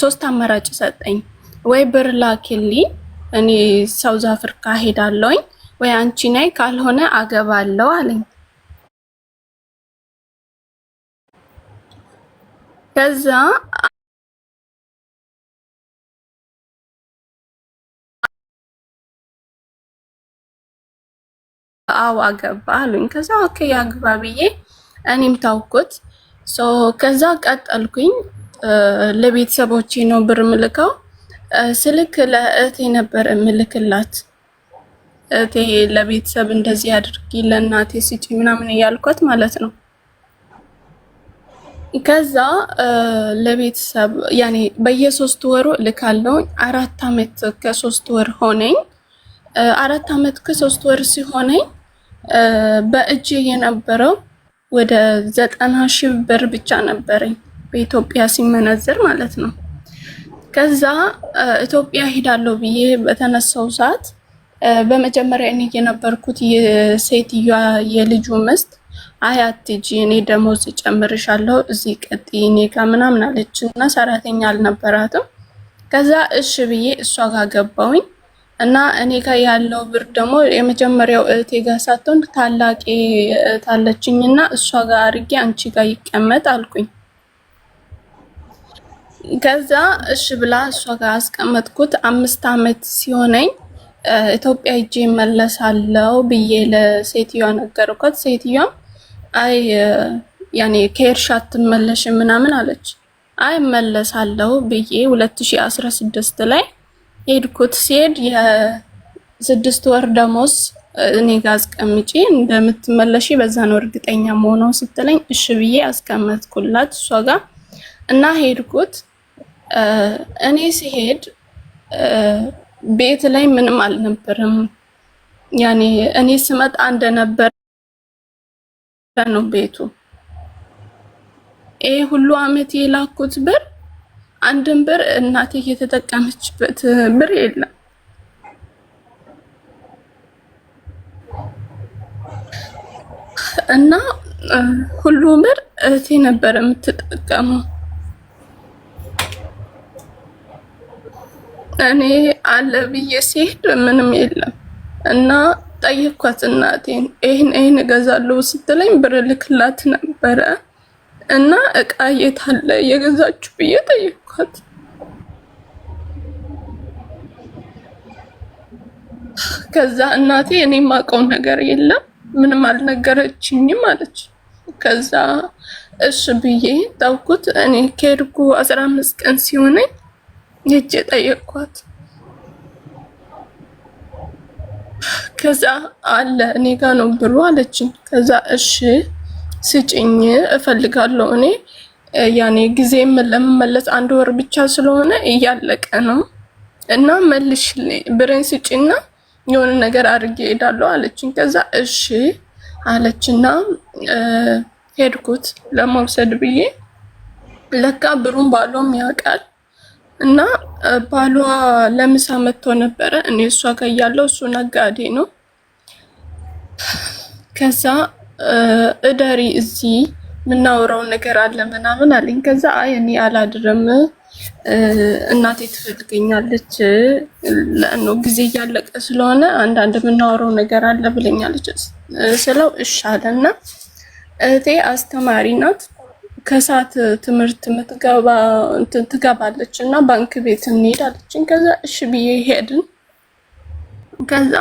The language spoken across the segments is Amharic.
ሶስት አማራጭ ሰጠኝ። ወይ ብር ላኪልኝ እኔ ሳውዝ አፍሪካ ሄዳለውኝ፣ ወይ አንቺ ነይ፣ ካልሆነ አገባለሁ አለኝ። ከዛ አው አገባ አሉኝ። ከዛ ኦኬ አግባ ብዬ እኔም ታውኩት። ከዛ ቀጠልኩኝ ለቤተሰቦቼ ነው ብር ምልከው ስልክ ለእህቴ ነበር ምልክላት። እህቴ ለቤተሰብ እንደዚህ አድርጊ ለእናቴ ስጪ ምናምን እያልኳት ማለት ነው። ከዛ ለቤተሰብ ያኔ በየሶስት ወሩ እልካለሁ። አራት አመት ከሶስት ወር ሆነኝ። አራት አመት ከሶስት ወር ሲሆነኝ በእጅ የነበረው ወደ ዘጠና ሺህ ብር ብቻ ነበረኝ። በኢትዮጵያ ሲመነዘር ማለት ነው። ከዛ ኢትዮጵያ ሄዳለሁ ብዬ በተነሳው ሰዓት በመጀመሪያ እኔ የነበርኩት የሴትዮዋ የልጁ ምስት አያትጂ እኔ ደሞዝ እጨምርሻለሁ እዚህ ቀጥ እኔ ጋ ምናምን አለች እና ሰራተኛ አልነበራትም። ከዛ እሽ ብዬ እሷ ጋር ገባውኝ እና እኔ ጋ ያለው ብር ደግሞ የመጀመሪያው እህቴ ጋር ሳትሆን ታላቄ እና እሷ ጋ አድርጌ አንቺ ጋ ይቀመጥ አልኩኝ። ከዛ እሺ ብላ እሷ ጋር አስቀመጥኩት። አምስት አመት ሲሆነኝ ኢትዮጵያ ሄጄ እመለሳለሁ ብዬ ለሴትዮዋ ነገርኳት። ሴትዮዋ አይ ያኔ ከኤርሻ አትመለሽ ምናምን አለች። አይ መለሳለው ብዬ 2016 ላይ ሄድኩት። ሲሄድ የስድስት ወር ደሞዝ እኔ ጋር አስቀምጪ እንደምትመለሺ በዛ ነው እርግጠኛ መሆነው ስትለኝ እሺ ብዬ አስቀመጥኩላት እሷ ጋር እና ሄድኩት። እኔ ሲሄድ ቤት ላይ ምንም አልነበርም። ያኔ እኔ ስመጣ እንደነበረ ነው ቤቱ። ይሄ ሁሉ አመት የላኩት ብር አንድም ብር እናቴ የተጠቀመችበት ብር የለም። እና ሁሉ ብር እህቴ ነበር የምትጠቀመው። እኔ አለ ብዬ ሲሄድ ምንም የለም እና ጠይኳት እናቴን ይህን ይህን እገዛለሁ ስትለኝ ብር ልክላት ነበረ እና እቃ የት አለ የገዛችሁ ብዬ ጠይኳት ከዛ እናቴ እኔ የማውቀው ነገር የለም ምንም አልነገረችኝም አለች። ከዛ እሺ ብዬ ታውኩት። እኔ ከሄድኩ አስራ አምስት ቀን ሲሆነኝ ሄጄ ጠየቅኳት። ከዛ አለ እኔ ጋ ነው ብሩ አለችኝ። ከዛ እሺ ስጭኝ እፈልጋለሁ እኔ ያኔ ጊዜም ለመመለስ አንድ ወር ብቻ ስለሆነ እያለቀ ነው እና መልሽ ብሬን ስጭና የሆነ ነገር አድርጌ ሄዳለሁ አለችኝ። ከዛ እሺ አለችና ሄድኩት ለመውሰድ ብዬ ለካ ብሩን ባሎም ያውቃል እና ባሏ ለምሳ መጥቶ ነበረ። እኔ እሷ ጋር እያለሁ እሱ ነጋዴ ነው። ከዛ እደሪ እዚህ የምናወራው ነገር አለ ምናምን አለኝ። ከዛ አይ እኔ አላድርም እናቴ ትፈልገኛለች ለእነ ጊዜ እያለቀ ስለሆነ አንዳንድ የምናወራው ነገር አለ ብለኛለች ስለው እና እህቴ አስተማሪ ናት ከሰዓት ትምህርት የምትገባ እንትን ትገባለች እና ባንክ ቤት እንሄድ አለችኝ። ከዛ እሺ ብዬ ሄድን። ከዛ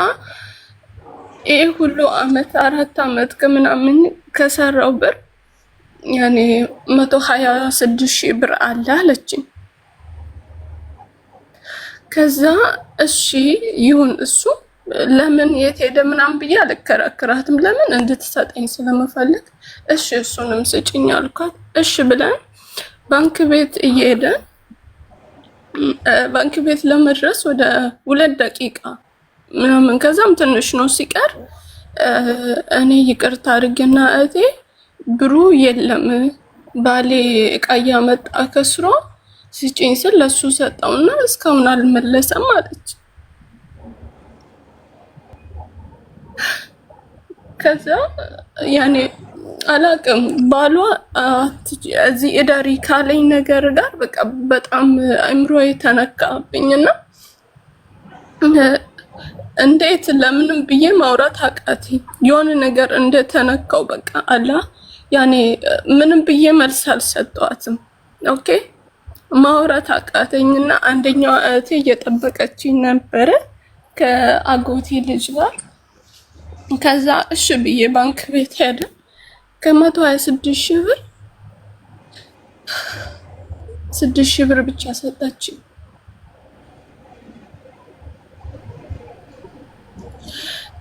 ይህ ሁሉ አመት አራት አመት ከምናምን ከሰራው ብር ያኔ መቶ ሀያ ስድስት ሺህ ብር አለ አለችኝ። ከዛ እሺ ይሁን እሱ ለምን የት ሄደ ምናምን ብዬ አልከራከራትም። ለምን እንድትሰጠኝ ስለምፈልግ እሺ እሱንም ስጭኝ አልኳት። እሺ ብለን ባንክ ቤት እየሄደን ባንክ ቤት ለመድረስ ወደ ሁለት ደቂቃ ምናምን ከዛም ትንሽ ነው ሲቀር እኔ ይቅርታ አድርግና እቴ ብሩ የለም ባሌ እቃ እያመጣ ከስሮ ስጭኝ ስል ለሱ ሰጠውና እስካሁን አልመለሰም አለች። ከዛ ያኔ አላቅም ባሏ እዚህ እደሪ ካለኝ ነገር ጋር በቃ በጣም አእምሮ የተነካብኝና እንዴት ለምንም ብዬ ማውራት አቃቴ። የሆነ ነገር እንደተነካው በቃ አላ ያኔ ምንም ብዬ መልስ አልሰጠዋትም። ኦኬ ማውራት አቃተኝና አንደኛው እህቴ እየጠበቀችኝ ነበረ ከአጎቴ ልጅ ጋር ከዛ እሺ ብዬ ባንክ ቤት ሄደ። ከመቶ ሀያ ስድስት ሺህ ብር ስድስት ሺህ ብር ብቻ ሰጠች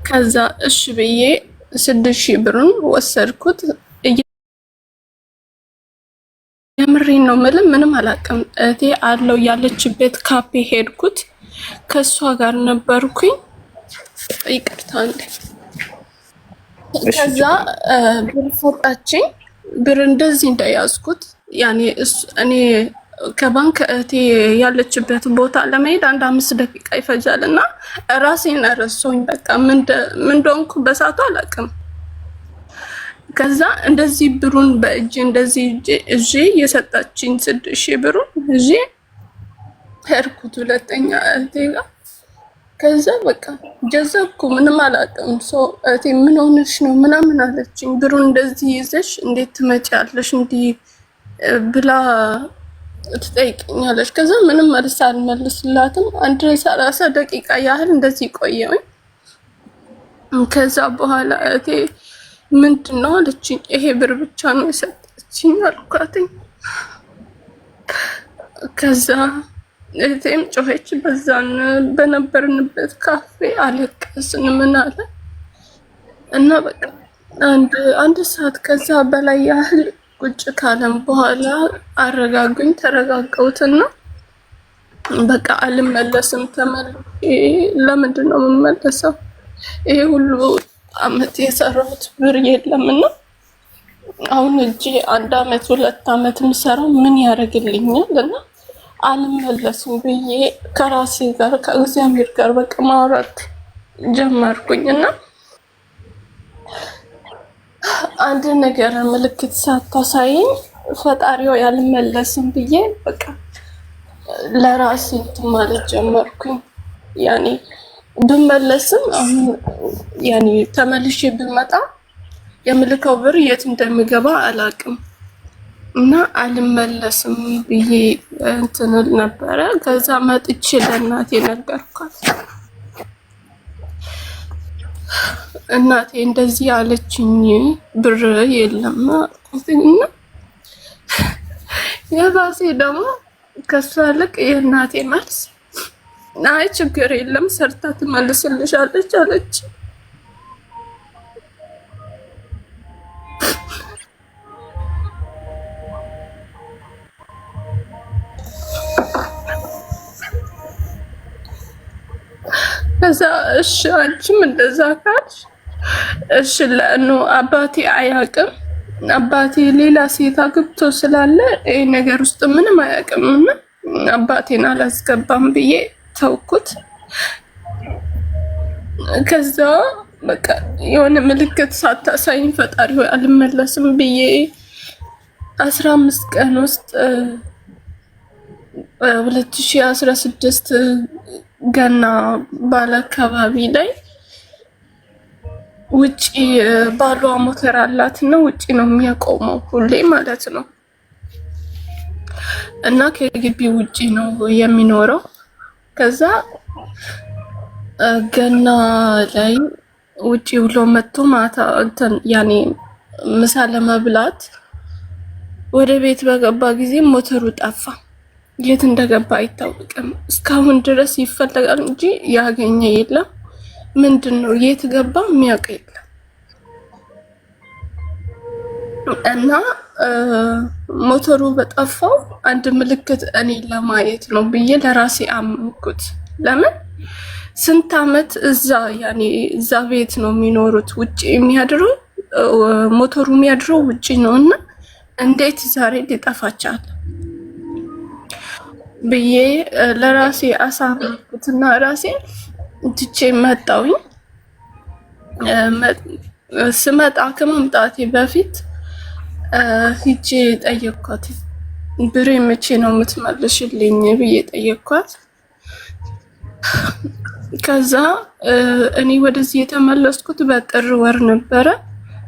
ከዛ እሺ ብዬ ስድስት ሺህ ብሩን ወሰድኩት። የምሬ ነው ምልም ምንም አላውቅም። እቴ አለው ያለችበት ካፌ ሄድኩት። ከእሷ ጋር ነበርኩኝ። ይቅርታ ከዛ ብር ብር እንደዚህ እንደያዝኩት ያኔ እኔ ከባንክ እህቴ ያለችበት ቦታ ለመሄድ አንድ አምስት ደቂቃ ይፈጃል እና ራሴን ረሶኝ በቃ ምንደንኩ በሳቱ አላውቅም። ከዛ እንደዚህ ብሩን በእጅ እንደዚህ እዤ የሰጣችኝ ስድስት ብሩን እዤ ሄድኩት ሁለተኛ እህቴ ጋር ከዛ በቃ ጀዘብኩ ምንም አላውቅም። ሰው እቴ ምን ሆነሽ ነው ምናምን አለችኝ። ብሩ እንደዚህ ይዘሽ እንዴት ትመጪያለሽ እንዲህ ብላ ትጠይቀኛለች። ከዛ ምንም መልስ አልመልስላትም። አንድ ሰላሳ ደቂቃ ያህል እንደዚህ ቆየውኝ። ከዛ በኋላ እቴ ምንድን ነው አለችኝ። ይሄ ብር ብቻ ነው የሰጠችኝ አልኳትኝ። ከዛ እህቴም ጮኸች። በዛን በነበርንበት ካፌ አለቀስን ምን አለ እና በቃ አንድ አንድ ሰዓት ከዛ በላይ ያህል ቁጭ ካለም በኋላ አረጋጉኝ። ተረጋጋሁትና በቃ አልመለስም። ተመልሼ ለምንድን ነው የምመለሰው? ይሄ ሁሉ አመት የሰራሁት ብር የለምና አሁን እጄ አንድ አመት ሁለት አመት የምሰራው ምን ያደርግልኛል እና አልመለሱም ብዬ ከራሴ ጋር ከእግዚአብሔር ጋር በቃ ማውራት ጀመርኩኝ እና አንድ ነገር ምልክት ሳታሳይኝ ፈጣሪው ያልመለስም ብዬ በቃ ለራሴ እንትን ማለት ጀመርኩኝ። ያኔ ብመለስም አሁን ያኔ ተመልሼ ብመጣ የምልከው ብር የት እንደምገባ አላውቅም። እና አልመለስም ብዬ እንትንል ነበረ። ከዛ መጥቼ ለእናቴ ነገርኳት። እናቴ እንደዚህ አለችኝ፣ ብር የለም እና የባሴ ደግሞ ከሷ ልቅ የእናቴ መልስ አይ ችግር የለም ሰርታ ትመልስልሻለች አለች። ከዛ እሺ አንቺም እንደዛ ካልሽ እሺ ለእኑ አባቴ አያውቅም አባቴ ሌላ ሴት አግብቶ ስላለ ይህ ነገር ውስጥ ምንም አያውቅምና አባቴን አላስገባም ብዬ ተውኩት። ከዛ በቃ የሆነ ምልክት ሳታሳይኝ ፈጣሪ ሆይ አልመለስም ብዬ አስራ አምስት ቀን ውስጥ ሁለት ሺህ አስራ ስድስት ገና ባለ አካባቢ ላይ ውጪ ባሏ ሞተር አላት እና ውጪ ነው የሚያቆመው ሁሌ ማለት ነው። እና ከግቢ ውጪ ነው የሚኖረው። ከዛ ገና ላይ ውጪ ብሎ መጥቶ ማታ እንትን ያኔ ምሳ ለመብላት ወደ ቤት በገባ ጊዜ ሞተሩ ጠፋ። የት እንደገባ አይታወቅም። እስካሁን ድረስ ይፈለጋል እንጂ ያገኘ የለም። ምንድን ነው የት ገባ የሚያውቅ የለም። እና ሞተሩ በጠፋው አንድ ምልክት እኔ ለማየት ነው ብዬ ለራሴ አመንኩት። ለምን ስንት አመት እዛ ያኔ እዛ ቤት ነው የሚኖሩት ውጭ የሚያድረው ሞተሩ የሚያድረው ውጭ ነው እና እንዴት ዛሬ ሊጠፋ ብዬ ለራሴ አሳመንኩትና ራሴ ትቼ መጣውኝ። ስመጣ ከመምጣቴ በፊት ሂጄ ጠየኳት፣ ብሬ መቼ ነው የምትመልሽልኝ ብዬ ጠየኳት። ከዛ እኔ ወደዚህ የተመለስኩት በጥር ወር ነበረ።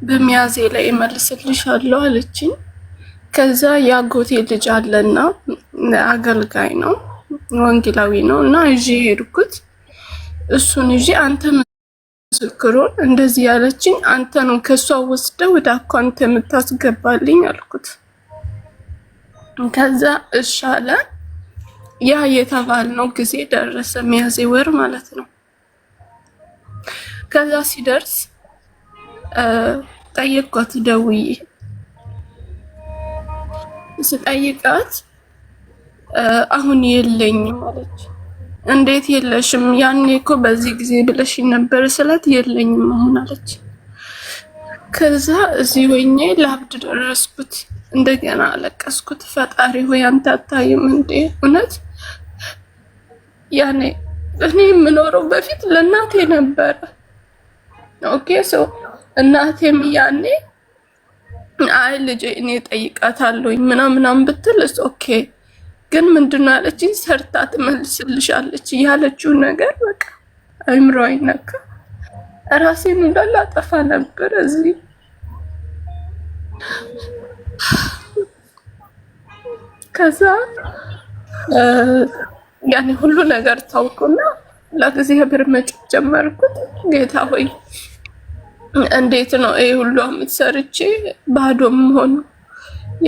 በሚያዜ ላይ እመልስልሻለሁ አለችኝ። ከዛ የአጎቴ ልጅ አለና አገልጋይ ነው፣ ወንጌላዊ ነው እና ይዤ ሄድኩት። እሱን ይዤ አንተ ምስክሩን እንደዚህ ያለችኝ አንተ ነው ከእሷ ወስደ ወደ አኳንተ የምታስገባልኝ አልኩት። ከዛ እሻለ ያ የተባልነው ጊዜ ደረሰ፣ ሚያዝያ ወር ማለት ነው። ከዛ ሲደርስ ጠየቅኳት ደውዬ ስጠይቃት አሁን የለኝም አለች። እንዴት የለሽም? ያኔ እኮ በዚህ ጊዜ ብለሽ ነበር ስላት የለኝም አሁን አለች። ከዛ እዚህ ወኜ ለአብድ ደረስኩት። እንደገና አለቀስኩት። ፈጣሪ ሆይ አንተ አታይም እንዴ? እውነት ያኔ እኔ የምኖረው በፊት ለእናቴ ነበረ። ኦኬ ሰው እናቴም ያኔ አይ ልጄ እኔ ጠይቃታለሁ ምናምናም ብትል ብትልስ ኦኬ ግን ምንድን ነው ያለችኝ? ሰርታ ትመልስልሻለች ያለችው ነገር በቃ አይምሮ አይነካ። ራሴን እንዳለ አጠፋ ነበር እዚህ ከዛ ያኔ ሁሉ ነገር ታውቁና ለእግዚአብሔር መጮህ ጀመርኩት። ጌታ ሆይ እንዴት ነው ይሄ ሁሉ አመት ሰርቼ ባዶም ሆኖ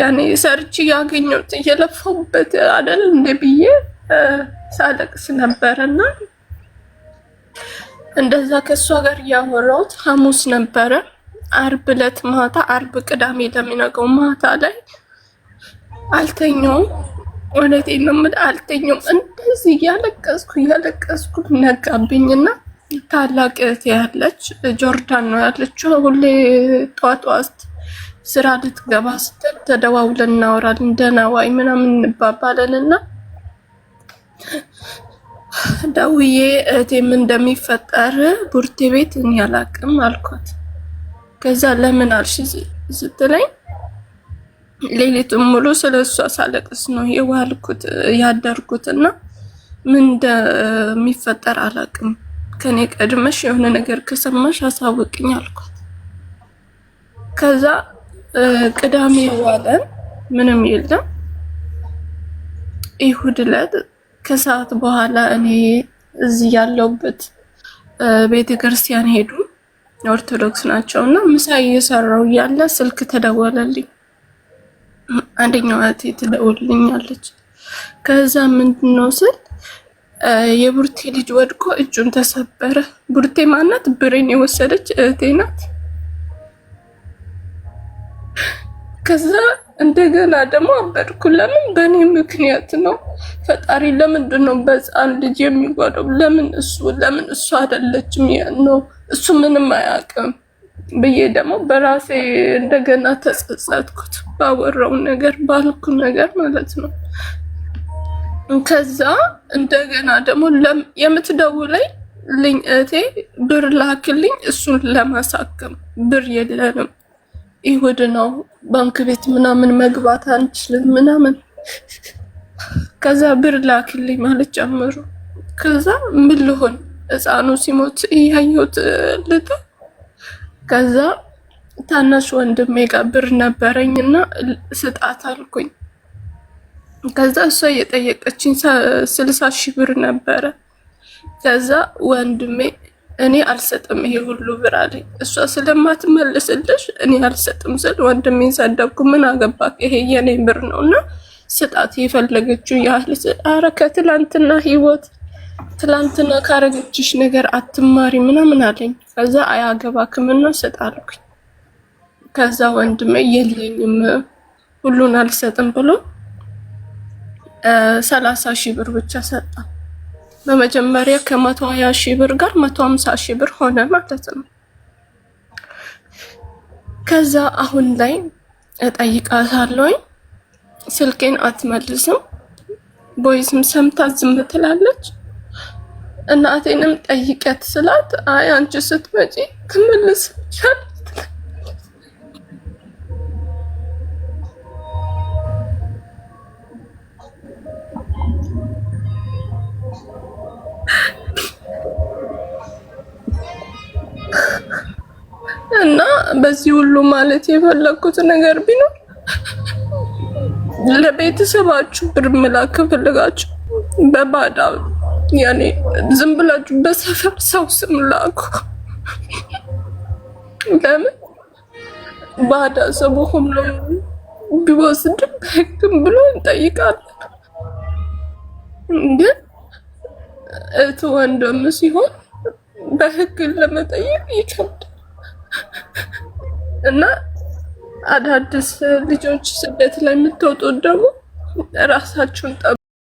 ያኔ ሰርቼ ያገኘሁት እየለፋሁበት አይደል እንደ ብዬ ሳለቅስ ነበረና እንደዛ ከእሷ ጋር እያወራሁት ሐሙስ ነበረ። አርብ ዕለት ማታ አርብ ቅዳሜ ለሚነገው ማታ ላይ አልተኛውም። እውነቴን ነው የምልህ አልተኛውም። እንደዚህ እያለቀስኩ እያለቀስኩ ነጋብኝና ታላቅ እህቴ ያለች ጆርዳን ነው ያለችው። ሁሌ ጠዋት ጠዋት ስራ ልትገባ ስትል ተደዋውለን እናወራለን። ደህና ዋይ ምናምን እንባባለን እና ደውዬ እህቴም እንደሚፈጠር ቡርቴ ቤት እኔ አላቅም አልኳት። ከዛ ለምን አልሽ ስትለኝ ሌሊቱን ሙሉ ስለ እሷ ሳለቅስ ነው የዋልኩት ያደርኩት እና ምን እንደሚፈጠር አላቅም ከኔ ቀድመሽ የሆነ ነገር ከሰማሽ አሳውቅኝ አልኳት። ከዛ ቅዳሜ ዋለን ምንም የለም። ይሁድ ዕለት ከሰዓት በኋላ እኔ እዚህ ያለሁበት ቤተ ክርስቲያን ሄዱ። ኦርቶዶክስ ናቸው እና ምሳ እየሰራው እያለ ስልክ ተደወለልኝ። አንደኛው እህቴ ትደውልልኛለች። ከዛ ምንድን ነው ስል የቡርቴ ልጅ ወድቆ እጁን ተሰበረ። ቡርቴ ማናት? ብሬን የወሰደች እህቴ ናት። ከዛ እንደገና ደግሞ አበድኩ። ለምን በእኔ ምክንያት ነው? ፈጣሪ ለምንድን ነው በህፃን ልጅ የሚጓደው? ለምን እሱ ለምን እሱ አይደለችም? ነው እሱ ምንም አያውቅም ብዬ ደግሞ በራሴ እንደገና ተጸጸትኩት፣ ባወራው ነገር ባልኩ ነገር ማለት ነው። ከዛ እንደገና ደግሞ የምትደውለኝ እቴ ብር ላክልኝ፣ እሱን ለማሳከም ብር የለንም፣ ይሁድ ነው ባንክ ቤት ምናምን መግባት አንችልም ምናምን። ከዛ ብር ላክልኝ ማለት ጨምሩ። ከዛ ምን ልሆን ህፃኑ ሲሞት እያየሁት ልጠ ከዛ ታናሽ ወንድሜ ጋር ብር ነበረኝ እና ስጣት አልኩኝ። ከዛ እሷ እየጠየቀችኝ ስልሳ ሺ ብር ነበረ። ከዛ ወንድሜ እኔ አልሰጥም ይሄ ሁሉ ብር አለኝ። እሷ ስለማትመልስልሽ እኔ አልሰጥም ስል ወንድሜን ሰደብኩ። ምን አገባክ ይሄ የኔ ብር ነው እና ስጣት የፈለገችው ያህል። አረ ከትላንትና ህይወት ትላንትና ካረገችሽ ነገር አትማሪ ምናምን አለኝ። ከዛ አያገባክም እና ስጥ አልኩኝ። ከዛ ወንድሜ የለኝም ሁሉን አልሰጥም ብሎ ሰላሳ ሺህ ብር ብቻ ሰጣ በመጀመሪያ ከመቶ ሀያ ሺህ ብር ጋር መቶ ሀምሳ ሺህ ብር ሆነ ማለት ነው። ከዛ አሁን ላይ እጠይቃታለሁኝ ስልኬን አትመልስም፣ ቦይስም ሰምታ ዝም ትላለች። እናቴንም ጠይቀት ስላት አይ አንቺ ስትመጪ ትመልስልሻል እና በዚህ ሁሉ ማለት የፈለግኩት ነገር ቢኖር ለቤተሰባችሁ ብር መላክ በባዳ ያኔ ዝም ብላችሁ በሰፈር ሰው ስም ላኩ። ለምን ባዳ ሰው ሁሉ ቢወስድም በሕግም ብሎ እንጠይቃለን። ግን እህት ወንድም ሲሆን በህግን ለመጠየቅ ይከብዳል። እና አዳዲስ ልጆች ስደት ላይ የምትወጡት ደግሞ ራሳችሁን ጠ